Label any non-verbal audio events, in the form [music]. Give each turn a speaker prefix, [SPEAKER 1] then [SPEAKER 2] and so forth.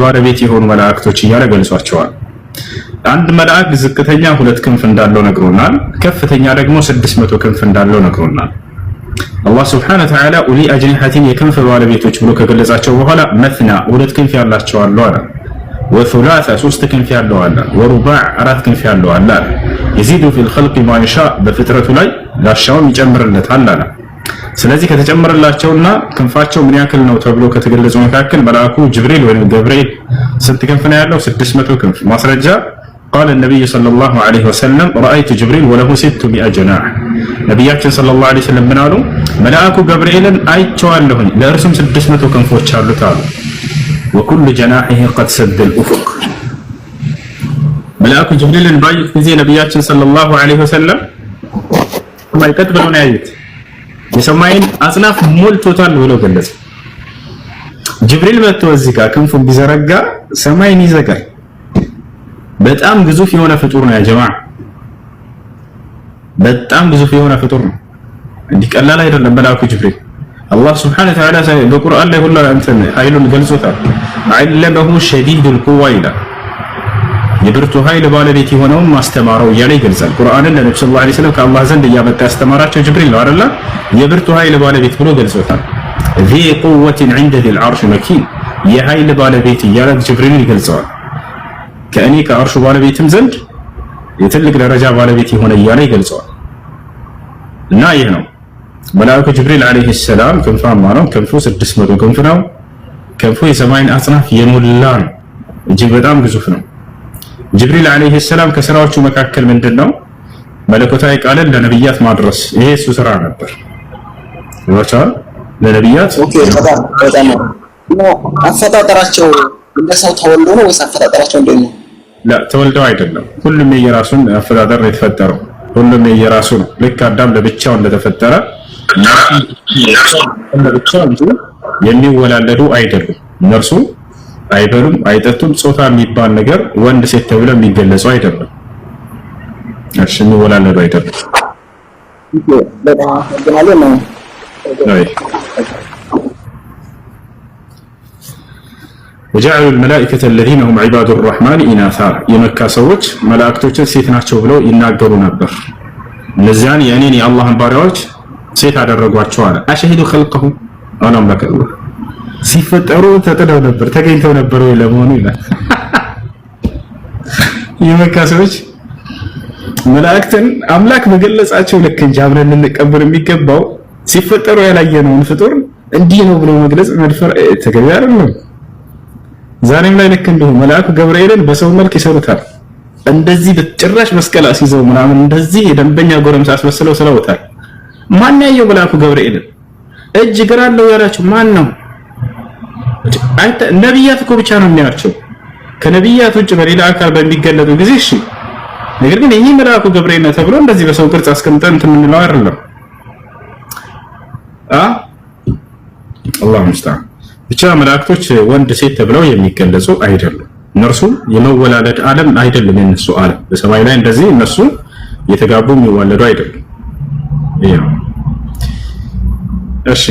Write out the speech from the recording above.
[SPEAKER 1] ባለቤት የሆኑ መላእክቶች እያለ ገልጿቸዋል። አንድ መልአክ ዝቅተኛ ሁለት ክንፍ እንዳለው ነግሮናል። ከፍተኛ ደግሞ ስድስት መቶ ክንፍ እንዳለው ነግሮናል። አላህ ስብሐነሁ ወተዓላ ኡሊ አጅኒሐቲን የክንፍ ባለቤቶች ብሎ ከገለጻቸው በኋላ መትና ሁለት ክንፍ ያላቸው አለ አለ፣ ወሱላሳ ሶስት ክንፍ ያለው አለ፣ ወሩባዕ አራት ክንፍ ያለው አለ። የዚዱ ፊል ኸልቅ ማ በፍጥረቱ ላይ ላሻውም ይጨምርለታል አለ ስለዚህ ከተጨመረላቸውና ክንፋቸው ምን ያክል ነው ተብሎ ከተገለጹ መካከል መልአኩ ጅብሪል ወይም ገብርኤል ስንት ክንፍ ነው ያለው? 600 ክንፍ። ማስረጃ ቃለ ነቢዩ ሰለላሁ ዐለይሂ ወሰለም ረአይቱ ጅብሪል ወለሁ ሲቱ ሚአ ጀናሕ። ነቢያችን ሰለላሁ ዐለይሂ ወሰለም ምን አሉ? መልአኩ ገብርኤልን አይቼዋለሁኝ ለእርሱም ስድስት 600 ክንፎች አሉት አሉ። ወኩሉ ጀናሒሂ ቀድ ሰደል ኡፉቅ መልአኩ ጅብሪልን ባዩት ጊዜ ነቢያችን ሰለላሁ ዐለይሂ ወሰለም ማይቀጥ ብለው ነው ያዩት የሰማይን አጽናፍ ሞልቶታል ብሎ ገለጸ። ጅብሪል መጥቶ እዚህ ጋር ክንፉን ቢዘረጋ ሰማይን ይዘጋል። በጣም ግዙፍ የሆነ ፍጡር ነው። ያ በጣም ግዙፍ የሆነ ፍጡር ነው። እንዲህ ቀላል አይደለም። መልአኩ ጅብሪል አላህ Subhanahu Wa በቁርአን ላይ ሁላ እንትን ኃይሉን ገልጾታል። አለመሁ ሸዲዱል ቁዋ ይላል የብርቱ ኃይል ባለቤት የሆነውን ማስተማረው እያለ ይገልጻል። ቁርአንን ለነብዩ ሰለላሁ ዐለይሂ ወሰለም ከአላህ ዘንድ እያመጣ ያስተማራቸው ጅብሪል ነው አይደል? የብርቱ ኃይል ባለቤት ብሎ ገልጾታል። ذي قوة عند ذي العرش مكين የኃይል ባለቤት እያለ ጅብሪልን ይገልጸዋል። ከእኔ ከአርሹ ባለቤትም ዘንድ የትልቅ ደረጃ ባለቤት የሆነ እያለ ይገልጸዋል። እና ይህ ነው መላእኩ ጅብሪል ዐለይሂ ሰላም ክንፋማ ነው። ክንፉ 600 ክንፍ ነው። ክንፉ የሰማይን አጽናፍ የሞላ ነው። እጅግ በጣም ግዙፍ ነው። ጅብሪል ዓለይሂ ሰላም ከስራዎቹ መካከል ምንድን ነው? መለኮታዊ ቃልን ለነብያት ማድረስ። ይሄ እሱ ስራ ነበር። ይወቻል ለነብያት።
[SPEAKER 2] ኦኬ በጣም በጣም አፈጣጠራቸው እንደሰው ተወልዶ ነው ወይስ አፈጣጠራቸው እንዴት ነው?
[SPEAKER 1] ላ ተወልደው አይደለም። ሁሉም የየራሱን አፈጣጠር የተፈጠረው። ሁሉም የየራሱ ነው። ልክ አዳም ለብቻው እንደተፈጠረ ለብቻው እንጂ የሚወላለዱ አይደሉም እነርሱ አይበሉም፣ አይጠጡም። ጾታ የሚባል ነገር ወንድ ሴት ተብሎ የሚገለጸው አይደለም። እሺ፣ የሚወላለዱ አይደለም። ወጀዐሉ ልመላኢከተ አለዚነ ሁም ዒባዱ ረሕማን ኢናሳ የመካ ሰዎች መላእክቶችን ሴት ናቸው ብለው ይናገሩ ነበር። እነዚያን የእኔን የአላህን ባሪያዎች ሴት አደረጓቸው አለ። አሸሂዱ ኸልቀሁ አላምላከ ሲፈጠሩ ተጥደው ነበር ተገኝተው ነበር ወይ ለመሆኑ ይላል። [laughs] የመካ ሰዎች መላእክትን አምላክ በገለጻቸው ልክ እንጂ አብረን ልንቀበል የሚገባው ሲፈጠሩ ያላየነውን ፍጡር እንዲህ ነው ብሎ መግለጽ መድፈር ተገቢ አይደለም። ዛሬም ላይ ልክ እንዲሁ መልአኩ ገብርኤልን በሰው መልክ ይሰሩታል። እንደዚህ በጭራሽ መስቀል አስይዘው ምናምን እንደዚህ የደንበኛ ጎረምሳ አስመስለው ስለውታል። ማን ያየው መልአኩ ገብርኤልን እጅ እግር አለው ያላችሁ ማን ነው? አንተ ነብያት እኮ ብቻ ነው የሚያቸው። ከነብያት ውጭ በሌላ አካል በሚገለጡ ጊዜ እሺ። ነገር ግን ይህ መልአኩ ገብርኤል ነው ተብሎ እንደዚህ በሰው ቅርጽ አስቀምጠን እንትን የምንለው አይደለም። አ አላህ ሙስተዓን ብቻ መላእክቶች ወንድ ሴት ተብለው የሚገለጹ አይደሉም። እነርሱ የመወላለድ ዓለም አይደለም። የነሱ ዓለም በሰማይ ላይ እንደዚህ እነሱ እየተጋቡ የሚዋለዱ አይደሉም። እሺ